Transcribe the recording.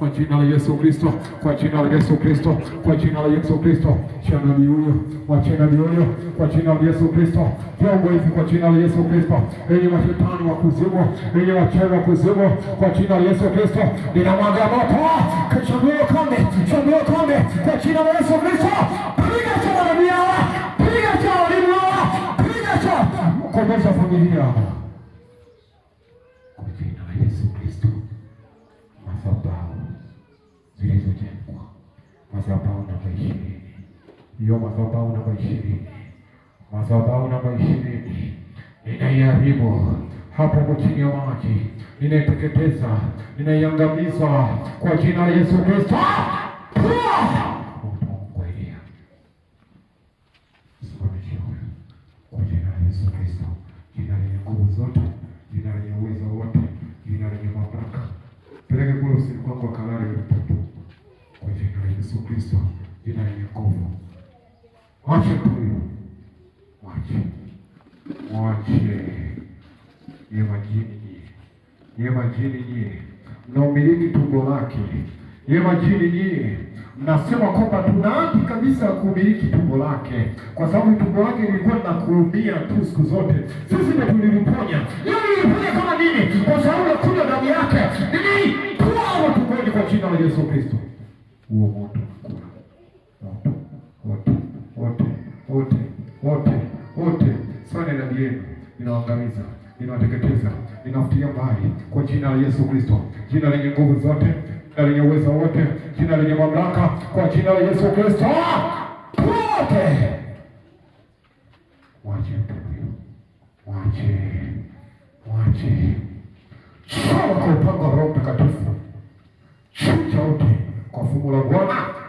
kwa jina la Yesu Kristo, kwa jina la Yesu Kristo, kwa jina la Yesu Kristo, chana huyo, kwa chaneli huyo, kwa jina la Yesu Kristo, vyombo hivi kwa jina la Yesu Kristo, enye mashetani wa kuzimu, enye wachawi wa kuzimu, kwa jina la Yesu Kristo, ninamwaga moto, kishamio kame, shamio kombe, kwa jina la Yesu Kristo, piga cha manabii hawa, piga cha walimu hawa, piga cha kukomesha familia madhabahu namba ishirini, hiyo madhabahu namba ishirini, madhabahu namba ishirini ninaiharibu hapo chini ya maji, ninaiteketeza, ninaiangamiza kwa jina la Yesu Kristo. kwa jina la Yesu Kristo, jina lenye nguvu zote, jina lenye Yesu Kristo, jina lenye nguvu. Mwache huyu, mwache, mwache. Nye majini nyie, nye majini nyie mnaumiliki tumbo lake. Nye majini nyie mnasema kwamba tuna haki kabisa ya kumiliki tumbo lake, kwa sababu tumbo lake lilikuwa linakuumia tu siku zote. Sisi ndio tuliliponya. Yeye aliponya kama nini? Kwa sababu ya kunywa damu yake. Nini? Kwa tumboni, kwa jina la Yesu Kristo huo moto mkuu, Wote wote wote wote wote wote sana ndani yenu inaangamiza inateketeza inafutia mbali kwa jina la Yesu Kristo, jina lenye nguvu zote, na lenye uwezo wote, jina lenye mamlaka, kwa jina la Yesu Kristo wote wache, wache, wache kwa upanga Roho Mtakatifu. உங்களை போனா